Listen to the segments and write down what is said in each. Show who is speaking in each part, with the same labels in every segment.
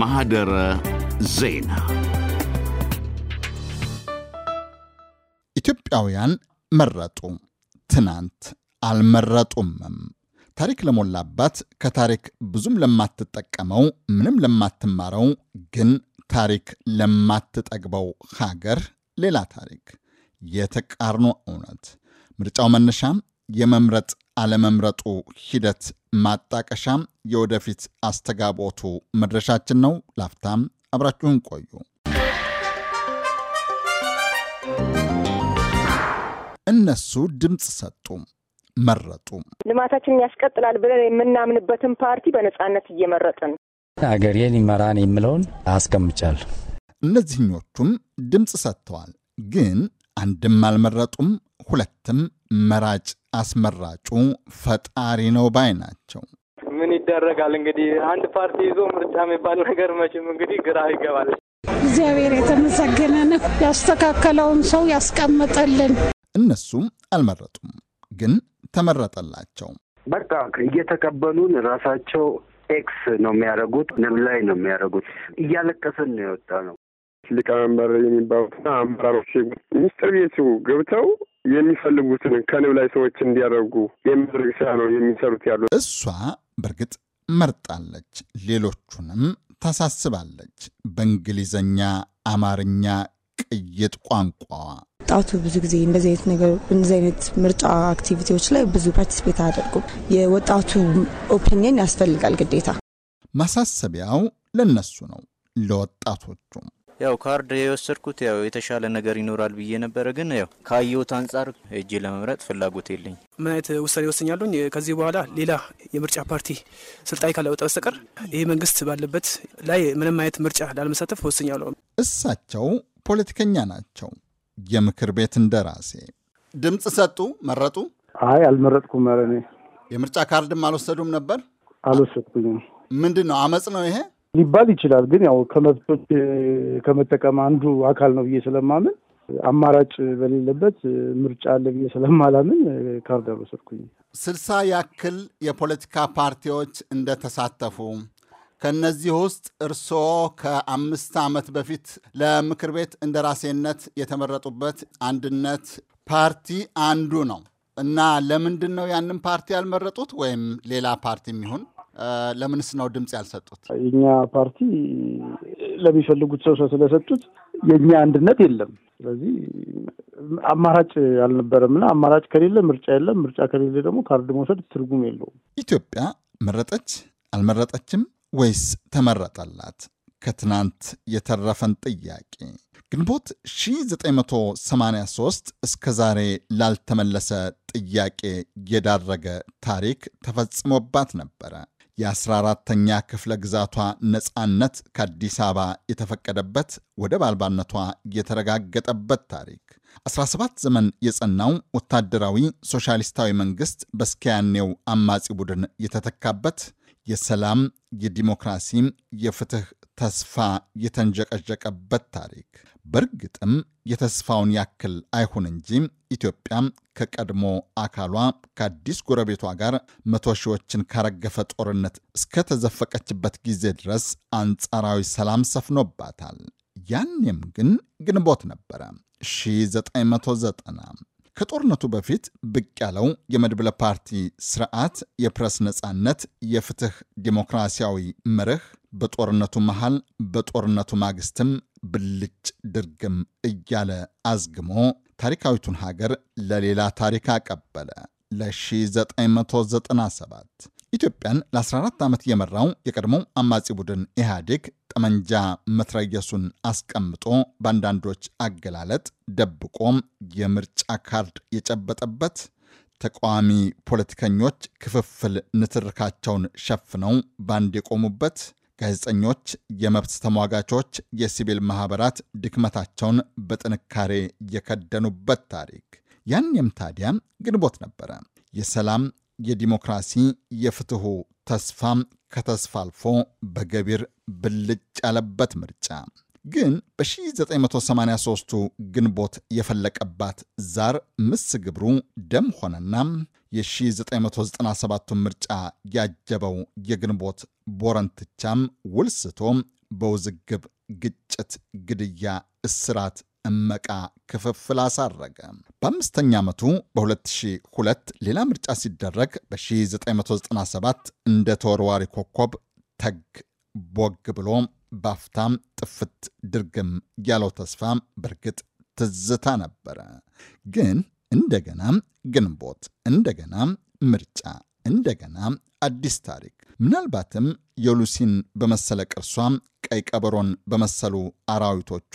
Speaker 1: ማህደረ ዜና ኢትዮጵያውያን መረጡ፣ ትናንት አልመረጡምም። ታሪክ ለሞላባት ከታሪክ ብዙም ለማትጠቀመው ምንም ለማትማረው ግን ታሪክ ለማትጠግበው ሀገር ሌላ ታሪክ የተቃርኖ እውነት ምርጫው መነሻም የመምረጥ አለመምረጡ ሂደት ማጣቀሻም የወደፊት አስተጋቦቱ መድረሻችን ነው። ላፍታም አብራችሁን ቆዩ። እነሱ ድምፅ ሰጡ፣ መረጡ።
Speaker 2: ልማታችንን ያስቀጥላል ብለን የምናምንበትን ፓርቲ በነፃነት እየመረጥን
Speaker 1: አገሬን ይመራን የምለውን አስቀምጫል እነዚህኞቹም ድምፅ ሰጥተዋል፣ ግን አንድም አልመረጡም፣ ሁለትም መራጭ አስመራጩ ፈጣሪ ነው ባይ ናቸው።
Speaker 3: ምን ይደረጋል እንግዲህ አንድ ፓርቲ ይዞ ምርጫ የሚባል ነገር መቼም እንግዲህ ግራ ይገባል።
Speaker 2: እግዚአብሔር የተመሰገነ ነው፣ ያስተካከለውን ሰው ያስቀምጠልን።
Speaker 1: እነሱም አልመረጡም፣ ግን ተመረጠላቸው።
Speaker 3: በቃ እየተቀበሉን ራሳቸው ኤክስ ነው የሚያደርጉት፣ ንብ ላይ ነው የሚያደርጉት። እያለቀስን ነው የወጣ ነው ሊቀመንበር የሚባሉትና አመራሮች ሚኒስትር ቤቱ ገብተው የሚፈልጉትን ከልብ ላይ ሰዎች እንዲያደርጉ የሚያደርግ ስራ ነው የሚሰሩት ያሉ እሷ
Speaker 1: በእርግጥ መርጣለች፣ ሌሎቹንም ታሳስባለች። በእንግሊዘኛ አማርኛ ቅይጥ ቋንቋዋ
Speaker 2: ጣቱ ብዙ ጊዜ እንደዚህ አይነት ነገር እንደዚህ አይነት ምርጫ አክቲቪቲዎች ላይ ብዙ ፓርቲስፔት አያደርጉም። የወጣቱ ኦፒኒየን ያስፈልጋል ግዴታ።
Speaker 1: ማሳሰቢያው ለነሱ ነው
Speaker 2: ለወጣቶቹም ያው ካርድ የወሰድኩት ያው የተሻለ ነገር ይኖራል ብዬ ነበረ፣ ግን ያው ካየሁት አንጻር እጅ ለመምረጥ ፍላጎት የለኝ። ምን አይነት ውሳኔ ወሰኛለሁኝ? ከዚህ በኋላ ሌላ የምርጫ ፓርቲ ስልጣኝ ካላወጣ በስተቀር ይህ መንግስት ባለበት ላይ ምንም አይነት ምርጫ ላለመሳተፍ ወስኛለሁ። እሳቸው ፖለቲከኛ
Speaker 1: ናቸው። የምክር ቤት እንደራሴ ድምፅ ሰጡ፣ መረጡ? አይ አልመረጥኩም። ኧረ እኔ የምርጫ ካርድም አልወሰዱም ነበር?
Speaker 3: አልወሰድኩኝም። ምንድን ነው አመፅ ነው ይሄ? ሊባል ይችላል። ግን ያው ከመብቶች ከመጠቀም አንዱ አካል ነው ብዬ ስለማምን አማራጭ በሌለበት ምርጫ አለ ብዬ ስለማላምን ካርድ አልወሰድኩኝ።
Speaker 1: ስልሳ ያክል የፖለቲካ ፓርቲዎች እንደተሳተፉ ከእነዚህ ውስጥ እርስዎ ከአምስት ዓመት በፊት ለምክር ቤት እንደራሴነት የተመረጡበት አንድነት ፓርቲ አንዱ ነው እና ለምንድን ነው ያንን ፓርቲ ያልመረጡት? ወይም ሌላ ፓርቲ የሚሆን ለምንስ ነው ድምፅ ያልሰጡት?
Speaker 3: የኛ ፓርቲ ለሚፈልጉት ሰው ስለሰጡት የእኛ አንድነት የለም። ስለዚህ አማራጭ አልነበረም እና አማራጭ ከሌለ ምርጫ የለም። ምርጫ ከሌለ ደግሞ ካርድ መውሰድ ትርጉም የለውም። ኢትዮጵያ
Speaker 1: መረጠች አልመረጠችም ወይስ ተመረጠላት? ከትናንት የተረፈን ጥያቄ ግንቦት 1983 እስከ ዛሬ ላልተመለሰ ጥያቄ የዳረገ ታሪክ ተፈጽሞባት ነበረ። የ14ተኛ ክፍለ ግዛቷ ነፃነት ከአዲስ አበባ የተፈቀደበት ወደብ አልባነቷ የተረጋገጠበት ታሪክ 17 ዘመን የጸናው ወታደራዊ ሶሻሊስታዊ መንግሥት በስኪያኔው አማጺ ቡድን የተተካበት የሰላም፣ የዲሞክራሲም፣ የፍትህ ተስፋ የተንጀቀጀቀበት ታሪክ። በእርግጥም የተስፋውን ያክል አይሁን እንጂ ኢትዮጵያ ከቀድሞ አካሏ ከአዲስ ጎረቤቷ ጋር መቶ ሺዎችን ካረገፈ ጦርነት እስከተዘፈቀችበት ጊዜ ድረስ አንጻራዊ ሰላም ሰፍኖባታል። ያኔም ግን ግንቦት ነበረ 1990 ከጦርነቱ በፊት ብቅ ያለው የመድብለ ፓርቲ ስርዓት የፕረስ ነፃነት የፍትህ ዲሞክራሲያዊ መርህ በጦርነቱ መሃል በጦርነቱ ማግስትም ብልጭ ድርግም እያለ አዝግሞ ታሪካዊቱን ሀገር ለሌላ ታሪክ አቀበለ። ለ1997 ኢትዮጵያን ለ14 ዓመት የመራው የቀድሞው አማጺ ቡድን ኢህአዴግ ጠመንጃ መትረየሱን አስቀምጦ በአንዳንዶች አገላለጥ ደብቆም የምርጫ ካርድ የጨበጠበት ተቃዋሚ ፖለቲከኞች ክፍፍል ንትርካቸውን ሸፍነው ባንድ የቆሙበት ጋዜጠኞች፣ የመብት ተሟጋቾች፣ የሲቪል ማኅበራት ድክመታቸውን በጥንካሬ የከደኑበት ታሪክ። ያኔም ታዲያ ግንቦት ነበረ። የሰላም የዲሞክራሲ የፍትሑ ተስፋም ከተስፋ አልፎ በገቢር ብልጭ ያለበት ምርጫ ግን በ1983ቱ ግንቦት የፈለቀባት ዛር ምስ ግብሩ ደም ሆነና የ1997 ምርጫ ያጀበው የግንቦት ቦረንትቻም ውልስቶ በውዝግብ ግጭት፣ ግድያ፣ እስራት እመቃ ክፍፍል አሳረገ። በአምስተኛ ዓመቱ በ2002 ሌላ ምርጫ ሲደረግ በ1997 እንደ ተወርዋሪ ኮከብ ተግ ቦግ ብሎ ባፍታም ጥፍት ድርግም ያለው ተስፋ በእርግጥ ትዝታ ነበረ። ግን እንደገና ግንቦት፣ እንደገና ምርጫ፣ እንደገና አዲስ ታሪክ። ምናልባትም የሉሲን በመሰለ ቅርሷ፣ ቀይ ቀበሮን በመሰሉ አራዊቶቿ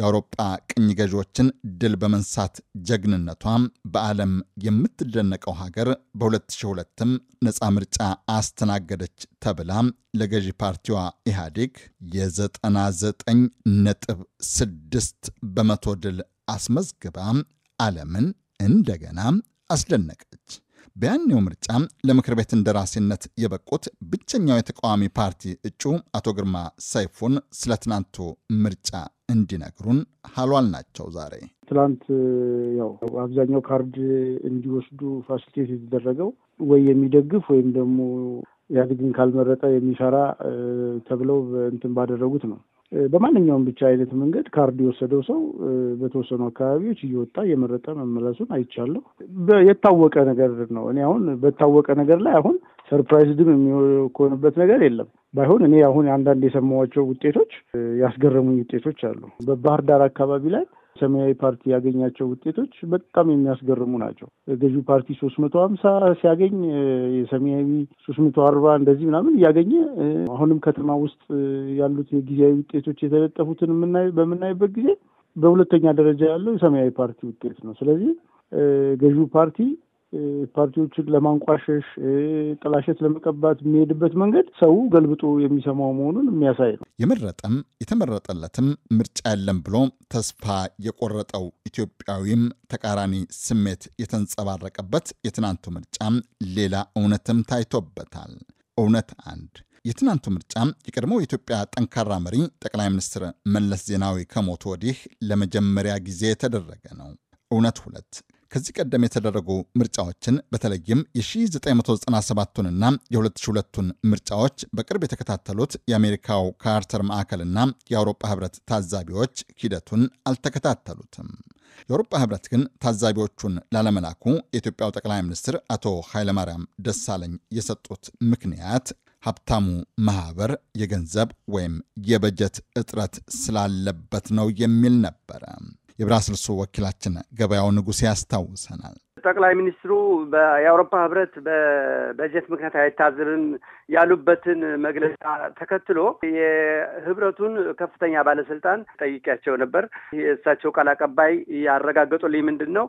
Speaker 1: የአውሮጳ ቅኝ ገዢዎችን ድል በመንሳት ጀግንነቷ በዓለም የምትደነቀው ሀገር በ2002ም ነፃ ምርጫ አስተናገደች ተብላ ለገዢ ፓርቲዋ ኢህአዴግ የ99 ነጥብ 6 በመቶ ድል አስመዝግባ ዓለምን እንደገና አስደነቀች። በያኔው ምርጫ ለምክር ቤት እንደራሴነት የበቁት ብቸኛው የተቃዋሚ ፓርቲ እጩ አቶ ግርማ ሰይፉን ስለ ትናንቱ ምርጫ እንዲነግሩን ሀሏል ናቸው። ዛሬ
Speaker 3: ትናንት ያው አብዛኛው ካርድ እንዲወስዱ ፋሲሊቴት የተደረገው ወይ የሚደግፍ ወይም ደግሞ ኢህአዴግን ካልመረጠ የሚሰራ ተብለው እንትን ባደረጉት ነው። በማንኛውም ብቻ አይነት መንገድ ካርድ የወሰደው ሰው በተወሰኑ አካባቢዎች እየወጣ እየመረጠ መመለሱን አይቻለሁ። የታወቀ ነገር ነው። እኔ አሁን በታወቀ ነገር ላይ አሁን ሰርፕራይዝድም የሚሆንበት ነገር የለም። ባይሆን እኔ አሁን አንዳንድ የሰማኋቸው ውጤቶች ያስገረሙኝ ውጤቶች አሉ። በባህር ዳር አካባቢ ላይ ሰማያዊ ፓርቲ ያገኛቸው ውጤቶች በጣም የሚያስገርሙ ናቸው። ገዢው ፓርቲ ሶስት መቶ ሀምሳ ሲያገኝ የሰማያዊ ሶስት መቶ አርባ እንደዚህ ምናምን እያገኘ አሁንም ከተማ ውስጥ ያሉት የጊዜያዊ ውጤቶች የተለጠፉትን በምናይበት ጊዜ በሁለተኛ ደረጃ ያለው የሰማያዊ ፓርቲ ውጤት ነው። ስለዚህ ገዢው ፓርቲ ፓርቲዎችን ለማንቋሸሽ፣ ጥላሸት ለመቀባት የሚሄድበት መንገድ ሰው ገልብጦ የሚሰማው መሆኑን የሚያሳይ ነው።
Speaker 1: የመረጠም የተመረጠለትም ምርጫ የለም ብሎ ተስፋ የቆረጠው ኢትዮጵያዊም ተቃራኒ ስሜት የተንጸባረቀበት የትናንቱ ምርጫም ሌላ እውነትም ታይቶበታል። እውነት አንድ የትናንቱ ምርጫ የቀድሞው የኢትዮጵያ ጠንካራ መሪ ጠቅላይ ሚኒስትር መለስ ዜናዊ ከሞቱ ወዲህ ለመጀመሪያ ጊዜ የተደረገ ነው። እውነት ሁለት ከዚህ ቀደም የተደረጉ ምርጫዎችን በተለይም የ1997ቱንና የ2002ቱን ምርጫዎች በቅርብ የተከታተሉት የአሜሪካው ካርተር ማዕከልና የአውሮፓ ህብረት ታዛቢዎች ሂደቱን አልተከታተሉትም። የአውሮፓ ህብረት ግን ታዛቢዎቹን ላለመላኩ የኢትዮጵያው ጠቅላይ ሚኒስትር አቶ ኃይለማርያም ደሳለኝ የሰጡት ምክንያት ሀብታሙ ማህበር የገንዘብ ወይም የበጀት እጥረት ስላለበት ነው የሚል ነበረ። የብራስልሱ ወኪላችን ገበያው ንጉሥ ያስታውሰናል።
Speaker 2: ጠቅላይ ሚኒስትሩ የአውሮፓ ህብረት በበጀት ምክንያት አይታዘብም ያሉበትን መግለጫ ተከትሎ የህብረቱን ከፍተኛ ባለስልጣን ጠይቄያቸው ነበር። የእሳቸው ቃል አቀባይ ያረጋገጡልኝ ምንድን ነው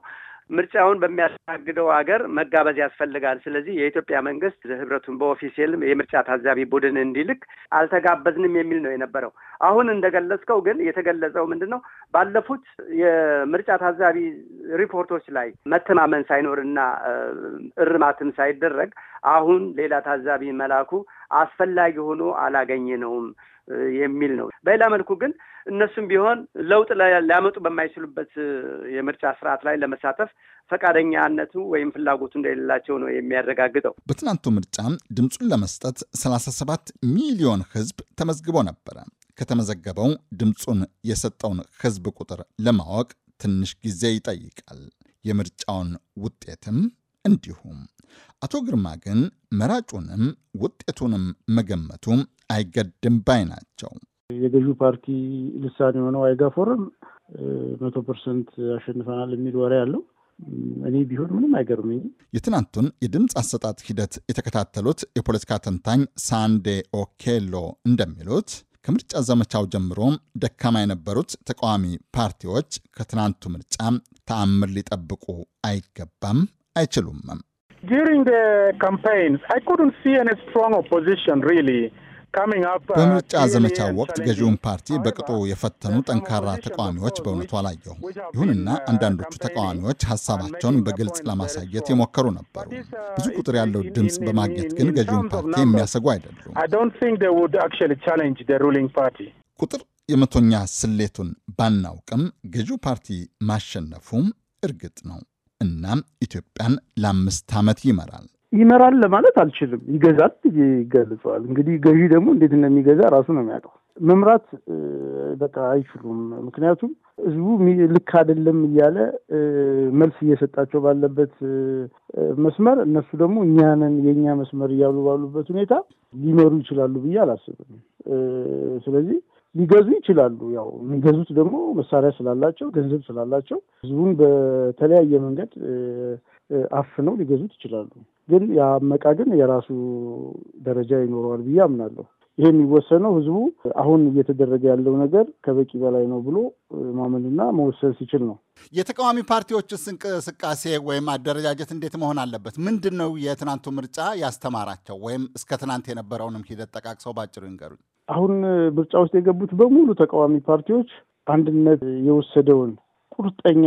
Speaker 2: ምርጫውን በሚያስተናግደው ሀገር መጋበዝ ያስፈልጋል። ስለዚህ የኢትዮጵያ መንግስት ህብረቱን በኦፊሴልም የምርጫ ታዛቢ ቡድን እንዲልክ አልተጋበዝንም የሚል ነው የነበረው። አሁን እንደገለጽከው ግን የተገለጸው ምንድን ነው? ባለፉት የምርጫ ታዛቢ ሪፖርቶች ላይ መተማመን ሳይኖርና እርማትም ሳይደረግ አሁን ሌላ ታዛቢ መላኩ አስፈላጊ ሆኖ አላገኘነውም። የሚል ነው። በሌላ መልኩ ግን እነሱም ቢሆን ለውጥ ሊያመጡ በማይችሉበት የምርጫ ስርዓት ላይ ለመሳተፍ ፈቃደኛነቱ ወይም ፍላጎቱ እንደሌላቸው ነው የሚያረጋግጠው።
Speaker 1: በትናንቱ ምርጫ ድምፁን ለመስጠት 37 ሚሊዮን ህዝብ ተመዝግቦ ነበረ። ከተመዘገበው ድምፁን የሰጠውን ህዝብ ቁጥር ለማወቅ ትንሽ ጊዜ ይጠይቃል። የምርጫውን ውጤትም እንዲሁም አቶ ግርማ ግን መራጩንም ውጤቱንም መገመቱ አይገድም ባይ ናቸው።
Speaker 3: የገዢው ፓርቲ ልሳኔ የሆነው አይጋፎርም መቶ ፐርሰንት አሸንፈናል የሚል ወሬ አለው። እኔ ቢሆን ምንም አይገርምኝ።
Speaker 1: የትናንቱን የድምፅ አሰጣጥ ሂደት የተከታተሉት የፖለቲካ ተንታኝ ሳንዴ ኦኬሎ እንደሚሉት ከምርጫ ዘመቻው ጀምሮ ደካማ የነበሩት ተቃዋሚ ፓርቲዎች ከትናንቱ ምርጫ ተአምር ሊጠብቁ አይገባም አይችሉም። uh,
Speaker 3: በምርጫ ዘመቻ ወቅት ገዢውን
Speaker 1: ፓርቲ በቅጡ የፈተኑ ጠንካራ ተቃዋሚዎች በእውነቱ አላየሁም። ይሁንና uh, አንዳንዶቹ ተቃዋሚዎች ሀሳባቸውን በግልጽ ለማሳየት የሞከሩ ነበሩ። uh, ብዙ ቁጥር ያለው ድምፅ በማግኘት ግን ገዢውን ፓርቲ የሚያሰጉ አይደሉም። ቁጥር የመቶኛ ስሌቱን ባናውቅም ገዢው ፓርቲ ማሸነፉም እርግጥ ነው። እናም ኢትዮጵያን ለአምስት ዓመት ይመራል።
Speaker 3: ይመራል ለማለት አልችልም። ይገዛል ይገልጸዋል። እንግዲህ ገዢ ደግሞ እንዴት እንደሚገዛ ራሱ ነው የሚያውቀው። መምራት በቃ አይችሉም። ምክንያቱም ህዝቡ ልክ አይደለም እያለ መልስ እየሰጣቸው ባለበት መስመር እነሱ ደግሞ እኛንን የእኛ መስመር እያሉ ባሉበት ሁኔታ ሊመሩ ይችላሉ ብዬ አላስብም። ስለዚህ ሊገዙ ይችላሉ። ያው የሚገዙት ደግሞ መሳሪያ ስላላቸው፣ ገንዘብ ስላላቸው ህዝቡን በተለያየ መንገድ አፍነው ሊገዙት ይችላሉ። ግን የአመቃ ግን የራሱ ደረጃ ይኖረዋል ብዬ አምናለሁ። ይሄ የሚወሰነው ህዝቡ አሁን እየተደረገ ያለው ነገር ከበቂ በላይ ነው ብሎ ማመንና መወሰን ሲችል ነው።
Speaker 1: የተቃዋሚ ፓርቲዎችስ እንቅስቃሴ ወይም አደረጃጀት እንዴት መሆን አለበት? ምንድን ነው የትናንቱ ምርጫ ያስተማራቸው ወይም እስከ ትናንት የነበረውንም ሂደት ጠቃቅሰው ባጭሩ ይንገሩኝ።
Speaker 3: አሁን ምርጫ ውስጥ የገቡት በሙሉ ተቃዋሚ ፓርቲዎች አንድነት የወሰደውን ቁርጠኛ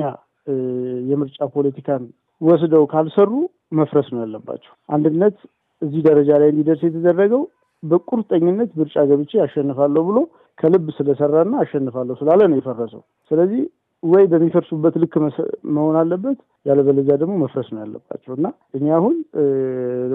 Speaker 3: የምርጫ ፖለቲካን ወስደው ካልሰሩ መፍረስ ነው ያለባቸው። አንድነት እዚህ ደረጃ ላይ እንዲደርስ የተደረገው በቁርጠኝነት ምርጫ ገብቼ አሸንፋለሁ ብሎ ከልብ ስለሰራና አሸንፋለሁ ስላለ ነው የፈረሰው። ስለዚህ ወይ በሚፈርሱበት ልክ መሆን አለበት፣ ያለበለዚያ ደግሞ መፍረስ ነው ያለባቸው እና እኛ አሁን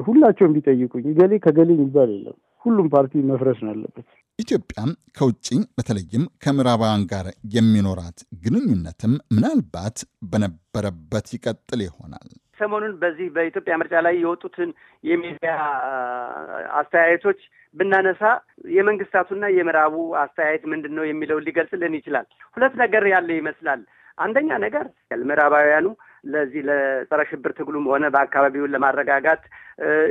Speaker 3: ሁላቸውም ቢጠይቁኝ ገሌ ከገሌ የሚባል የለም። ሁሉም ፓርቲ መፍረስ ነው ያለበት።
Speaker 1: ኢትዮጵያ ከውጭ በተለይም ከምዕራባውያን ጋር የሚኖራት ግንኙነትም ምናልባት በነበረበት ይቀጥል ይሆናል።
Speaker 2: ሰሞኑን በዚህ በኢትዮጵያ ምርጫ ላይ የወጡትን የሚዲያ አስተያየቶች ብናነሳ የመንግስታቱና የምዕራቡ አስተያየት ምንድን ነው የሚለውን ሊገልጽልን ይችላል። ሁለት ነገር ያለ ይመስላል። አንደኛ ነገር ምዕራባውያኑ ለዚህ ለጸረ ሽብር ትግሉም ሆነ በአካባቢውን ለማረጋጋት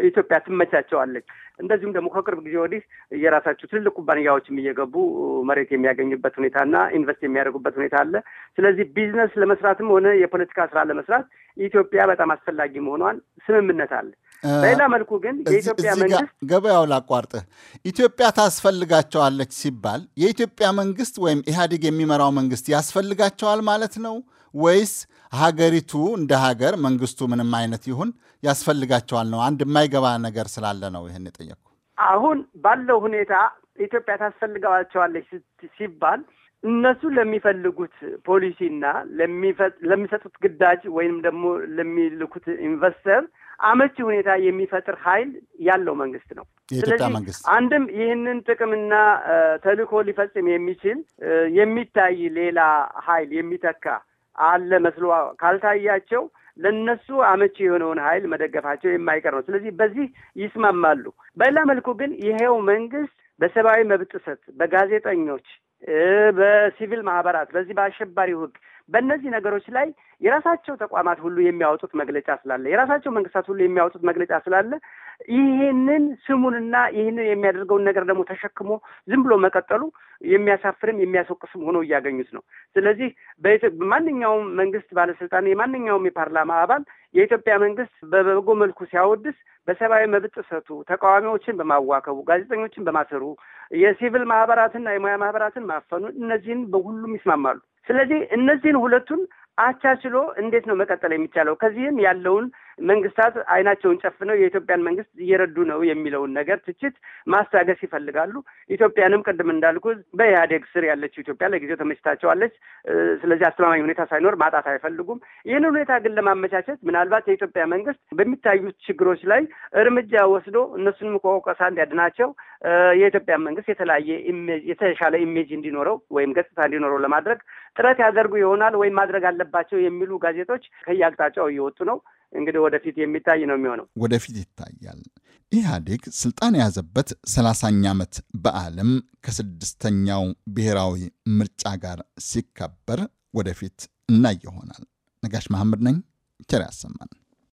Speaker 2: ኢትዮጵያ ትመቻቸዋለች። እንደዚሁም ደግሞ ከቅርብ ጊዜ ወዲህ የራሳቸው ትልልቅ ኩባንያዎችም እየገቡ መሬት የሚያገኙበት ሁኔታና ኢንቨስት የሚያደርጉበት ሁኔታ አለ። ስለዚህ ቢዝነስ ለመስራትም ሆነ የፖለቲካ ስራ ለመስራት ኢትዮጵያ በጣም አስፈላጊ መሆኗን ስምምነት አለ። በሌላ መልኩ ግን የኢትዮጵያ መንግስት
Speaker 1: ገበያው ላቋርጥህ፣ ኢትዮጵያ ታስፈልጋቸዋለች ሲባል የኢትዮጵያ መንግስት ወይም ኢህአዴግ የሚመራው መንግስት ያስፈልጋቸዋል ማለት ነው ወይስ ሀገሪቱ እንደ ሀገር መንግስቱ ምንም አይነት ይሁን ያስፈልጋቸዋል ነው? አንድ የማይገባ ነገር ስላለ ነው ይህን የጠየቅኩ።
Speaker 2: አሁን ባለው ሁኔታ ኢትዮጵያ ታስፈልገዋቸዋለች ሲባል እነሱ ለሚፈልጉት ፖሊሲና ለሚሰጡት ግዳጅ ወይም ደግሞ ለሚልኩት ኢንቨስተር አመቺ ሁኔታ የሚፈጥር ኃይል ያለው መንግስት ነው። ስለዚህ አንድም ይህንን ጥቅምና ተልዕኮ ሊፈጽም የሚችል የሚታይ ሌላ ኃይል የሚተካ አለ መስሎ ካልታያቸው ለነሱ አመቺ የሆነውን ኃይል መደገፋቸው የማይቀር ነው። ስለዚህ በዚህ ይስማማሉ። በሌላ መልኩ ግን ይሄው መንግስት በሰብአዊ መብት ጥሰት፣ በጋዜጠኞች፣ በሲቪል ማህበራት፣ በዚህ በአሸባሪው ህግ በእነዚህ ነገሮች ላይ የራሳቸው ተቋማት ሁሉ የሚያወጡት መግለጫ ስላለ የራሳቸው መንግስታት ሁሉ የሚያወጡት መግለጫ ስላለ ይህንን ስሙንና ይህንን የሚያደርገውን ነገር ደግሞ ተሸክሞ ዝም ብሎ መቀጠሉ የሚያሳፍርም የሚያስወቅስም ሆኖ እያገኙት ነው። ስለዚህ በማንኛውም መንግስት ባለስልጣን፣ የማንኛውም የፓርላማ አባል የኢትዮጵያ መንግስት በበጎ መልኩ ሲያወድስ በሰብአዊ መብት ጥሰቱ፣ ተቃዋሚዎችን በማዋከቡ፣ ጋዜጠኞችን በማሰሩ፣ የሲቪል ማህበራትና የሙያ ማህበራትን ማፈኑ እነዚህን በሁሉም ይስማማሉ። ስለዚህ እነዚህን ሁለቱን አቻችሎ እንዴት ነው መቀጠል የሚቻለው? ከዚህም ያለውን መንግስታት አይናቸውን ጨፍነው የኢትዮጵያን መንግስት እየረዱ ነው የሚለውን ነገር ትችት ማስታገስ ይፈልጋሉ። ኢትዮጵያንም ቅድም እንዳልኩ በኢህአዴግ ስር ያለችው ኢትዮጵያ ለጊዜው ተመችታቸዋለች። ስለዚህ አስተማማኝ ሁኔታ ሳይኖር ማጣት አይፈልጉም። ይህን ሁኔታ ግን ለማመቻቸት ምናልባት የኢትዮጵያ መንግስት በሚታዩት ችግሮች ላይ እርምጃ ወስዶ እነሱንም ከወቀሳ እንዲያድናቸው የኢትዮጵያ መንግስት የተለያየ የተሻለ ኢሜጅ እንዲኖረው ወይም ገጽታ እንዲኖረው ለማድረግ ጥረት ያደርጉ ይሆናል ወይም ማድረግ አለባቸው የሚሉ ጋዜጦች ከየአቅጣጫው እየወጡ ነው። እንግዲህ ወደፊት የሚታይ ነው የሚሆነው።
Speaker 1: ወደፊት ይታያል። ኢህአዴግ ስልጣን የያዘበት ሰላሳኛ ዓመት በዓለም ከስድስተኛው ብሔራዊ ምርጫ ጋር ሲከበር ወደፊት እናየሆናል። ነጋሽ መሐመድ ነኝ። ቸር ያሰማን።